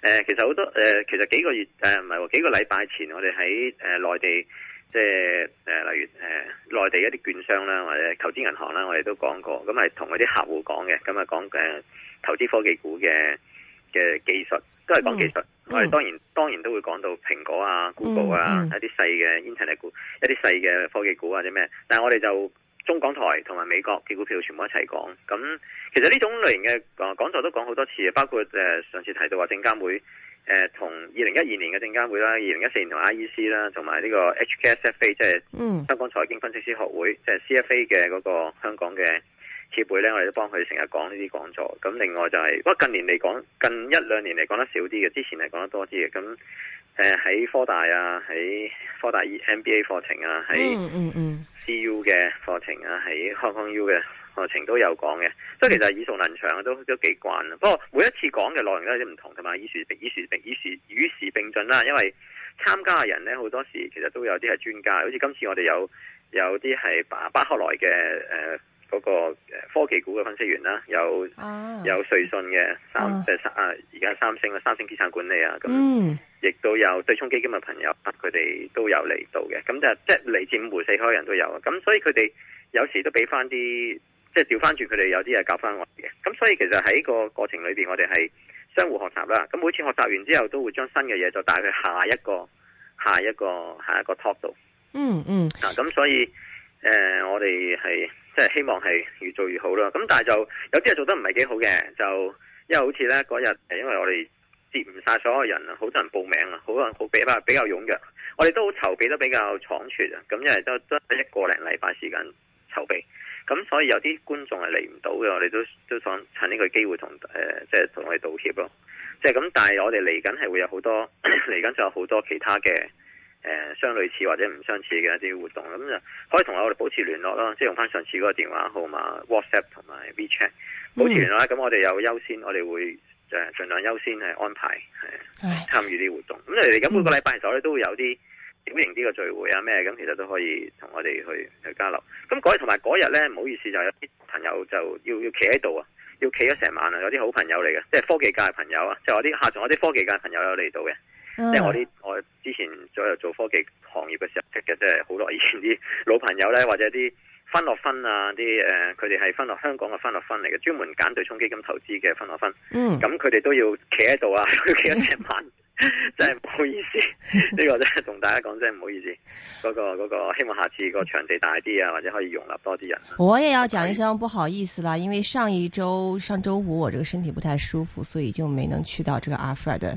誒、呃，其實好多誒、呃，其實幾個月誒，唔係幾個禮拜前我哋喺誒內地，即係誒例如誒內、呃、地一啲券商啦，或者投資銀行啦，我哋都講過，咁係同嗰啲客戶講嘅，咁啊講嘅投資科技股嘅嘅技術，都係講技術，mm hmm. 我哋當然當然都會講到蘋果啊、Google 啊，mm hmm. 一啲細嘅 internet 股，一啲細嘅科技股啊啲咩，但係我哋就。中港台同埋美國嘅股票全部一齊講，咁其實呢種類型嘅啊講座都講好多次，包括誒、呃、上次提到話證監會誒、呃、同二零一二年嘅證監會啦，二零一四年同 I E C 啦，同埋呢個 H K S F A 即係香港財經分析師學會，即係、mm. C F A 嘅嗰個香港嘅協會咧，我哋都幫佢成日講呢啲講座。咁另外就係、是，不過近年嚟講，近一兩年嚟講得少啲嘅，之前係講得多啲嘅。咁喺、呃、科大啊，喺科大 E MBA 課程啊，喺嗯嗯嗯 CU 嘅課程啊，喺 Hong Kong U 嘅課程都有講嘅。即係其實耳熟能詳啊，都都幾慣啦。不過每一次講嘅內容都有啲唔同，同埋以時並以時，並以時，與時並進啦。因為參加嘅人咧，好多時其實都有啲係專家，好似今次我哋有有啲係巴巴克萊嘅誒嗰個科技股嘅分析員啦，有、啊、有瑞信嘅三即係三啊，而家三星啊，三星資產管理啊，咁亦都有對沖基金嘅朋友，佢哋都有嚟到嘅。咁就即係嚟自五湖四海人都有啊。咁所以佢哋有時都俾翻啲，即係調翻轉佢哋有啲嘢教翻我哋嘅。咁所以其實喺個過程裏邊，我哋係相互學習啦。咁每次學習完之後，都會將新嘅嘢就帶去下一個、下一個、下一個 top 度、嗯。嗯嗯。嗱，咁所以誒、呃，我哋係。即係希望係越做越好啦。咁但係就有啲嘢做得唔係幾好嘅，就因為好似咧嗰日，誒，因為我哋接唔晒所有人啊，好多人報名啊，好多人好比啊，比較踴躍，我哋都好籌備得比較倉促啊。咁因為都得一個零禮拜時間籌備，咁所以有啲觀眾係嚟唔到嘅，我哋都都想趁呢個機會同誒，即係同我哋道歉咯。即係咁，但係我哋嚟緊係會有好多嚟緊仲有好多其他嘅。誒，相類似或者唔相似嘅一啲活動，咁就可以同我哋保持聯絡咯，即係用翻上次嗰個電話號碼、WhatsApp 同埋 WeChat 保持聯絡啦。咁、嗯、我哋有優先，我哋會誒盡量優先誒安排係參與啲活動。咁你嚟，咁每個禮拜日咧，都會有啲小型啲嘅聚會啊咩，咁其實都可以同我哋去去交流。咁日同埋嗰日咧，唔好意思，就有啲朋友就要要企喺度啊，要企咗成晚啊，有啲好朋友嚟嘅，即係科技界朋友啊，即係我啲吓仲有啲科技界朋友有嚟到嘅。即係我啲我之前左右做科技行業嘅時候識嘅，即係好多以前啲老朋友咧，或者啲分樂分啊，啲誒佢哋係分樂香港嘅分樂分嚟嘅，專門揀對沖基金投資嘅分樂分。嗯，咁佢哋都要企喺度啊，企咗成晚， 真係唔好意思。呢 個真係同大家講真係唔好意思。嗰、那個、那個希望下次個場地大啲啊，或者可以容納多啲人。我也要講一聲不好意思啦，因為上一周上周五我這個身體不太舒服，所以就沒能去到這個阿福爾的。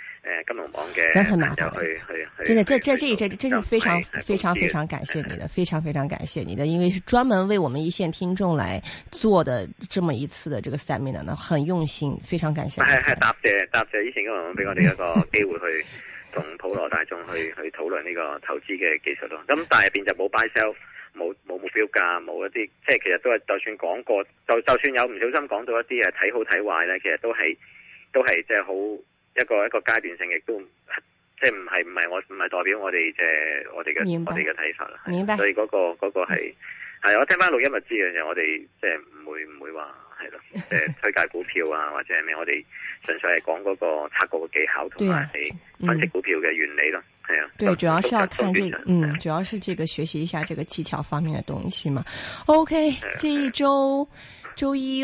誒，金融網嘅，然後去去，去真的。去這這這這真是非常是非常非常感謝你的，是非常非常感謝你的，的因為是專門為我們一線聽眾來做的這麼一次的這個 seminar 呢，很用心，非常感謝你。係係答謝答謝以前金融網俾我哋一個機會去同普羅大眾去 去討論呢個投資嘅技術咯。咁但係變就冇 buy sell，冇冇目標價，冇一啲，即係其實都係就算講過，就就算有唔小心講到一啲誒睇好睇壞咧，其實都係都係即係好。一個一個階段性亦都即係唔係唔係我唔係代表我哋即係我哋嘅我哋嘅睇法啦，明白，所以嗰個嗰個係係我聽翻錄音咪知嘅，我哋即係唔會唔會話係咯，即係推介股票啊或者係咩，我哋純粹係講嗰個測股嘅技巧同埋分析股票嘅原理咯，係啊。對，主要是要看這，嗯，主要是這個學習一下這個技巧方面的東西嘛。OK，這一周周一。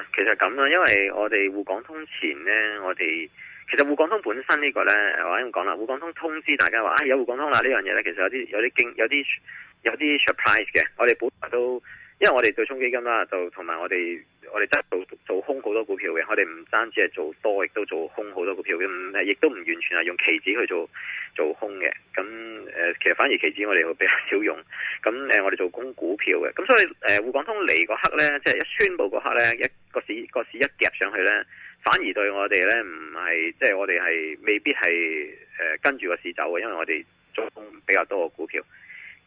其實，咁啦，因為我哋滬港通前呢，我哋其實滬港通本身呢個呢，我啱講啦，滬港通通知大家話啊、哎、有滬港通啦呢樣嘢，呢，其實有啲有啲驚，有啲有啲 surprise 嘅。我哋本來都，因為我哋做對沖基金啦，就同埋我哋我哋真係做做空好多股票嘅，我哋唔單止係做多，亦都做空好多股票嘅，亦都唔完全係用期指去做做空嘅。咁誒、呃，其實反而期指我哋會比較少用。咁誒，我哋做攻股票嘅。咁所以誒，滬、呃、港通嚟嗰刻呢，即係一宣布嗰刻呢。一。個市個市一夾上去咧，反而對我哋咧唔係，即係我哋係未必係誒、呃、跟住個市走嘅，因為我哋做比較多嘅股票。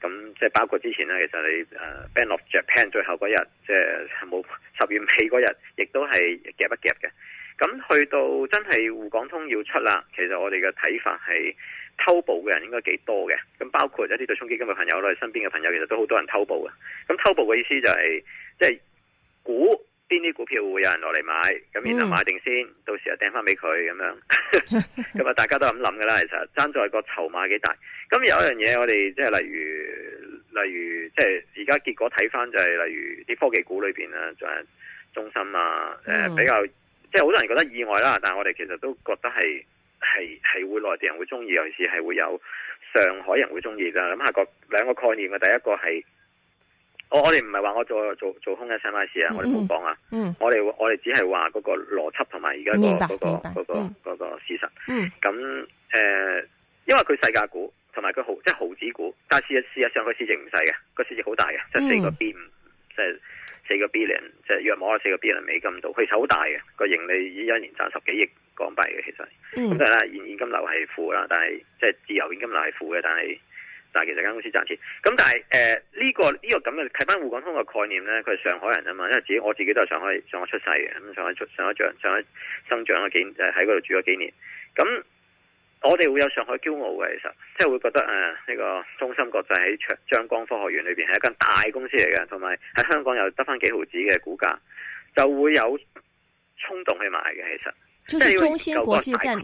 咁即係包括之前咧，其實你誒、呃、Bank of Japan 最後嗰日，即係冇十月尾嗰日，亦都係夾一夾嘅。咁去到真係滬港通要出啦，其實我哋嘅睇法係偷步嘅人應該幾多嘅。咁包括一啲對沖基金嘅朋友啦、呃，身邊嘅朋友其實都好多人偷步嘅。咁偷步嘅意思就係、是、即係股。邊啲股票會有人落嚟買，咁然後買定先，嗯、到時又掟翻俾佢咁樣，咁啊， 大家都咁諗噶啦。其實爭在個籌碼幾大。咁有一樣嘢，我哋即係例如，例如即係而家結果睇翻就係、是，例如啲科技股裏邊啊，就係中芯啊，誒、呃，嗯、比較即係好多人覺得意外啦，但係我哋其實都覺得係係係會內地人會中意，尤其是係會有上海人會中意。諗下個兩個概念嘅第一個係。哦、我哋唔係話我做做做空嘅 size 啊，我哋冇講啊。嗯。我哋我哋只係話嗰個邏輯同埋而家個嗰個個個事實。嗯。咁誒、那個嗯呃，因為佢細價股同埋佢好即係毫子股，但係事實事實上佢市值唔細嘅，個市值好大嘅，即係四個 B 五，嗯，即係四個 B 零，即係約摸四個 B 零美金度，其實好大嘅。個盈利已經一年賺十幾億港幣嘅，其實。咁但係啦，現，就是，現金流係負啊，但係即係自由現金流係負嘅，但係。但其實這間公司賺錢，咁但係誒呢個呢、這個咁嘅睇翻滬港通嘅概念呢，佢係上海人啊嘛，因為自己我自己都上海上海出世嘅，咁上海出上海長上海生長咗幾誒喺度住咗幾年，咁我哋會有上海驕傲嘅，其實即係會覺得誒呢、呃這個中心國際喺長江,江科學園裏邊係一間大公司嚟嘅，同埋喺香港又得翻幾毫子嘅股價，就會有衝動去買嘅其實。就是中芯國際在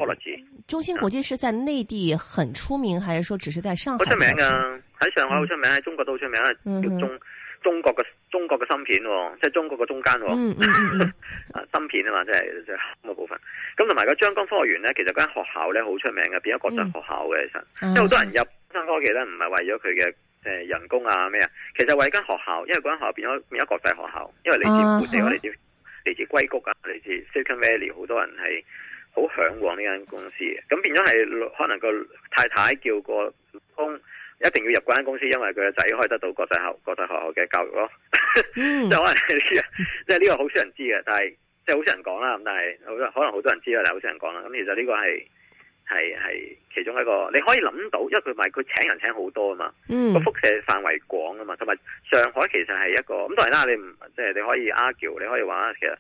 中芯國際是在內地很出名，還是說只是在上海出名啊？喺、嗯、上海好出名，喺中國都好出名，叫中中國嘅中國嘅芯片，哦，即、就、係、是、中國嘅中間，哦，啊、嗯嗯嗯、 芯片啊嘛，即係即係黑嘅部分。咁同埋個張江科學園咧，其實間學校咧好出名嘅，變咗國際學校嘅，其實即係好多人入張江科技咧，唔係為咗佢嘅誒人工啊咩啊，其實為間學校，因為間學校變咗變咗國際學校，因為你支付我哋啲。啊嗯嚟自硅谷啊，嚟自 Silicon Valley，好多人係好向往呢間公司嘅，咁變咗係可能個太太叫個老公一定要入嗰間公司，因為佢個仔可以得到國際校、國際學校嘅教育咯。即係可能係呢個，即係呢個好少人知嘅，但係即係好少人講啦。咁但係可能好多人知啦，但係好少人講啦。咁其實呢個係。係係其中一個，你可以諗到，因為佢咪佢請人請好多啊嘛，個輻、嗯、射範圍廣啊嘛，同埋上海其實係一個，咁當然啦，你即係、就是、你可以 argue，你可以話其實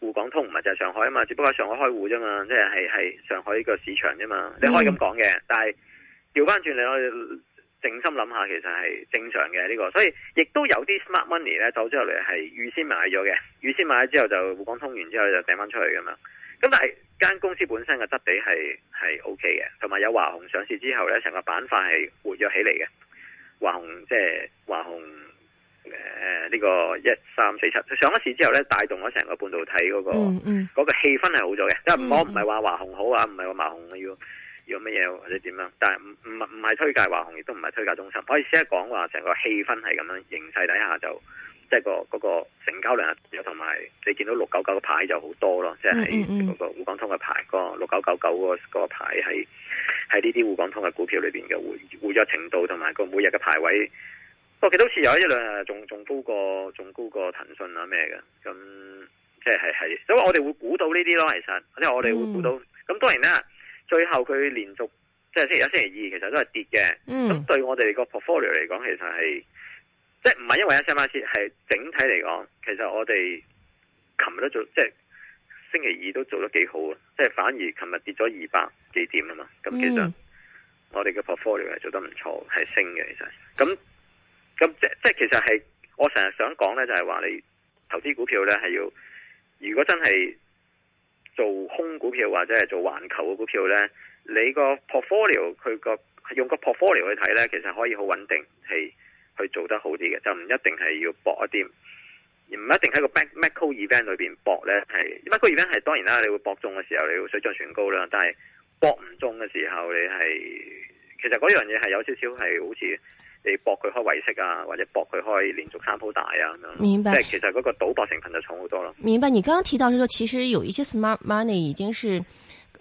滬港通唔係就係上海啊嘛，只不過喺上海開戶啫嘛，即係係係上海個市場啫嘛，你可以咁講嘅，嗯、但係調翻轉，你可以靜心諗下，其實係正常嘅呢、這個，所以亦都有啲 smart money 咧，走咗入嚟係預先買咗嘅，預先買咗之後就滬港通完之後就掟翻出去咁樣，咁但係。間公司本身嘅質地係係 O K 嘅，同埋、OK、有華虹上市之後咧，成個板塊係活躍起嚟嘅。華虹即係華虹誒呢個一三四七佢上咗市之後咧，帶動咗成個半導體嗰、那個嗰、嗯嗯、個氣氛係好咗嘅。即係、嗯、我唔係話華虹好啊，唔係話華虹要要乜嘢或者點樣，但係唔唔係推介華虹，亦都唔係推介中心。可以只係講話成個氣氛係咁樣，形勢底下就即係個個。那個交易日有同埋，你見到六九九嘅牌就好多咯，即係嗰個滬港通嘅牌，個六九九九個個牌喺喺呢啲滬港通嘅股票裏邊嘅活活躍程度同埋個每日嘅排位，不過其實好似有一兩日仲仲高過仲高過騰訊啊咩嘅，咁即係係，所以我哋會估到呢啲咯，其實即係我哋會估到。咁、嗯、當然啦，最後佢連續即係星期一、星期二其實都係跌嘅，咁、嗯、對我哋個 portfolio 嚟講其實係。即係唔係因為 s m 馬係整體嚟講，其實我哋琴日都做，即係星期二都做得幾好啊！即係反而琴日跌咗二百幾點啊嘛，咁其實我哋嘅 portfolio 係做得唔錯，係升嘅其實。咁咁即即係其實係我成日想講咧，就係話你投資股票咧係要，如果真係做空股票或者係做環球嘅股票咧，你個 portfolio 佢個用個 portfolio 去睇咧，其實可以好穩定係。去做得好啲嘅，就唔一定係要搏一啲，而唔一定喺個 back macro event 裏邊搏咧。係 macro event 係當然啦，你會搏中嘅時候，你會水漲船高啦。但係搏唔中嘅時候，你係其實嗰樣嘢，係有少少係好似你搏佢開位息啊，或者搏佢開連續三鋪大啊咁樣。明白，即係其實嗰個賭博成分就重好多咯。明白，你剛剛提到是說，其實有一些 smart money 已經是。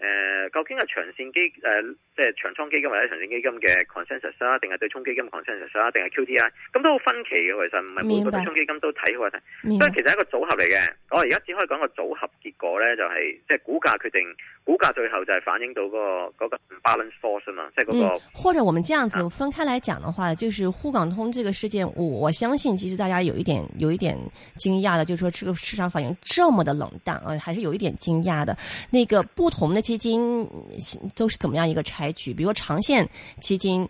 誒、呃，究竟係長線基誒、呃，即係長倉基金或者長線基金嘅 consensus 啦、啊，定係對沖基金 consensus 啦、啊，定係 QTI，咁都好分歧嘅其實，唔係每個對沖基金都睇好啊，所以白其實係一個組合嚟嘅。我而家只可以講個組合結果咧，就係、是、即係股價決定，股價最後就係反映到嗰、那、嗰、個那個 balance force 啊嘛。即、那個、嗯，或者我們這樣子分開嚟講嘅話，啊、就是滬港通這個事件，我相信其實大家有一點有一點驚訝嘅，就是、說個市場反應這麼的冷淡啊，還是有一點驚訝的。那個不同的。基金都是怎麼樣一個採取，比如說長線基金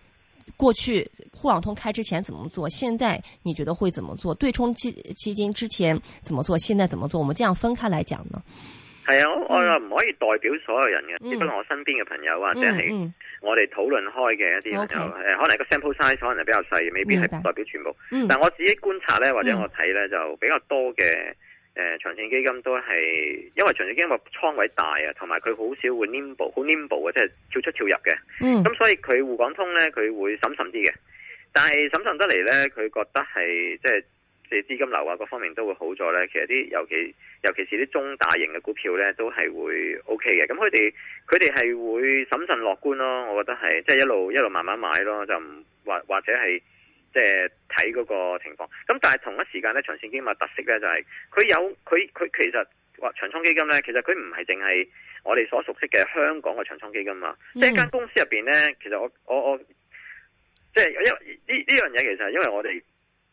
過去滬港通開之前怎麼做？現在你覺得會怎麼做？對沖基基金之前怎麼做？現在怎麼做？我們這樣分開來講呢？係啊，我又唔可以代表所有人嘅，只不過我身邊嘅朋友或者係我哋討論開嘅一啲朋友誒，嗯嗯、可能個 sample size 可能係比較細，未必係代表全部。嗯、但我自己觀察咧，或者我睇咧，就比較多嘅。誒、呃，長線基金都係，因為長線基金個倉位大啊，同埋佢好少會黏步，好黏步嘅，即係跳出跳入嘅。咁、嗯、所以佢滬港通咧，佢會審慎啲嘅。但係審慎得嚟咧，佢覺得係即係啲資金流啊，各方面都會好咗咧。其實啲尤其尤其是啲中大型嘅股票咧，都係會 OK 嘅。咁佢哋佢哋係會審慎樂觀咯，我覺得係即係一路一路慢慢買咯，就唔或或者係。即係睇嗰個情況，咁但係同一時間咧，長線基金嘅特色咧，就係佢有佢佢，其實話長倉基金咧，其實佢唔係淨係我哋所熟悉嘅香港嘅長倉基金嘛，即係間公司入邊咧，其實我我我即係因為呢呢樣嘢其實係因為我哋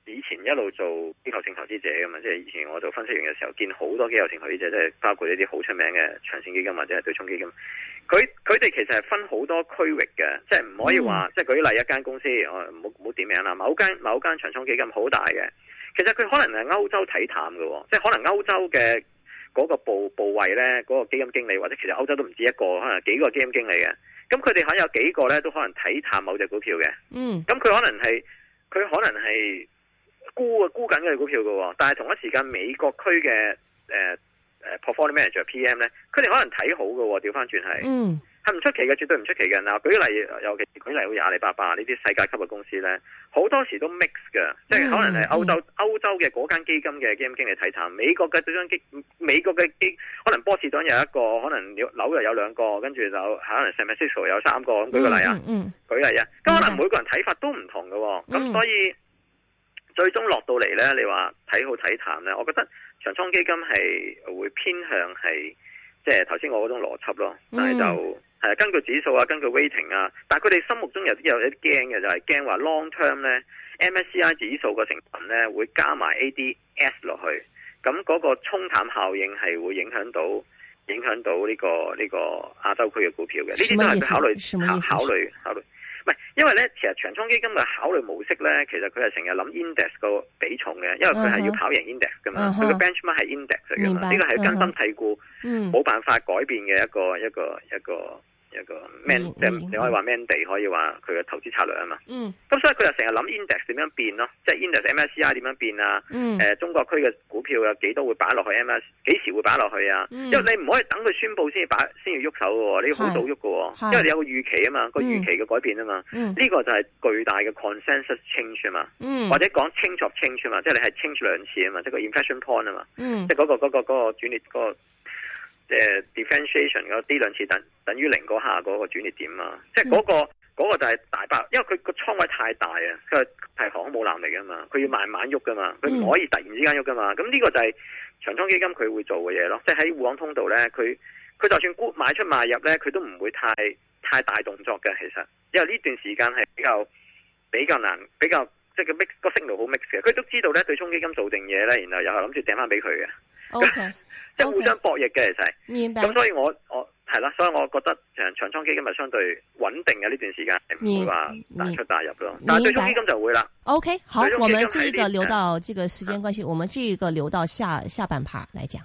以前一路做機構性投資者㗎嘛，即係以前我做分析員嘅時候，見好多嘅機構性投資者，即係包括呢啲好出名嘅長線基金或者係對沖基金。佢佢哋其實係分好多區域嘅，即係唔可以話，嗯、即係舉例一間公司，我唔好點名啦。某間某間長倉基金好大嘅，其實佢可能係歐洲睇淡嘅，即係可能歐洲嘅嗰個部部位呢，嗰、嗰個基金經理或者其實歐洲都唔止一個，可能幾個基金經理嘅。咁佢哋可能有幾個呢，都可能睇淡某隻股票嘅。嗯，咁佢可能係佢可能係沽啊沽緊隻股票嘅，但係同一時間美國區嘅誒誒、uh, portfolio manager PM 咧，佢哋可能睇好喎、哦。調翻轉係，係唔、mm. 出奇嘅，絕對唔出奇嘅。嗱，舉個例，尤其舉個例有八八，好似阿里巴巴呢啲世界級嘅公司咧，好多時都 mix 嘅，mm. 即係可能係歐洲歐、mm. 洲嘅嗰間基金嘅基金經理睇淡，美國嘅對沖基，美國嘅基，可能波士頓有一個，可能紐約又有兩個，跟住就可能 s e m i u e l 有三個，咁舉個例啊，舉例啊，咁、mm. mm. 啊、可能每個人睇法都唔同喎、哦。咁所以。Mm. 最終落到嚟呢，你話睇好睇淡呢。我覺得長倉基金係會偏向係，即係頭先我嗰種邏輯咯。但係就係根據指數啊，根據 waiting 啊，但係佢哋心目中有啲有一啲驚嘅，就係、是、驚話 long term 呢 MSCI 指數嘅成分呢會加埋 ADS 落去，咁嗰個沖淡效應係會影響到影響到呢個呢個亞洲區嘅股票嘅。呢啲都要考慮，考慮，考慮，考慮。唔係，因為咧，其實長衝基金嘅考慮模式咧，其實佢係成日諗 index 個比重嘅，因為佢係要跑贏 index 噶嘛，佢個、uh huh. benchmark 係 index 嚟噶嘛，呢、uh huh. 個係根深蒂固，冇辦法改變嘅一個一個一個。個 man，你、嗯嗯、你可以話 mandate 可以話佢嘅投資策略啊嘛。嗯，咁所以佢就成日諗 index 點樣變咯，即係 index MSCI 點樣變啊？嗯，誒、呃，中國區嘅股票有幾多會擺落去 MSCI？幾時會擺落去啊？嗯、因為你唔可以等佢宣布先至擺，先要喐手嘅，你要好早喐嘅，是因為你有個預期啊嘛，個是預期嘅改變啊嘛。呢、嗯、個就係巨大嘅 consensus change 嘛。嗯，或者講清楚 change 嘛，即係你係 change 兩次啊嘛，即係個 inflection point 啊嘛。嗯，即係嗰個嗰個嗰個轉捩嗰個。那個那個那個即係 deflation 嗰啲兩次等等於零嗰下嗰個轉捩點啊！即係、那、嗰個嗰、嗯、個就係大爆，因為佢個倉位太大啊！佢係行冇能力㗎嘛，佢要慢慢喐㗎嘛，佢唔可以突然之間喐㗎嘛。咁呢、嗯、個就係長倉基金佢會做嘅嘢咯。即係喺滬港通道咧，佢佢就算沽買出賣入咧，佢都唔會太太大動作嘅。其實因為呢段時間係比較比較難，比較，比較即係個 signal 好 mix 嘅。佢都知道咧，對沖基金做定嘢咧，然後又諗住掟翻俾佢嘅。O K，即係互相博弈嘅，其實，明白，咁所以我我係啦，所以我覺得誒長倉基金係相對穩定嘅，呢段時間不達達，唔會話大出大入咯。但係對沖基金就會啦。O、okay, K，好，我們這一個留到這個時間關係，啊，我們這一個留到下下半 part 來講。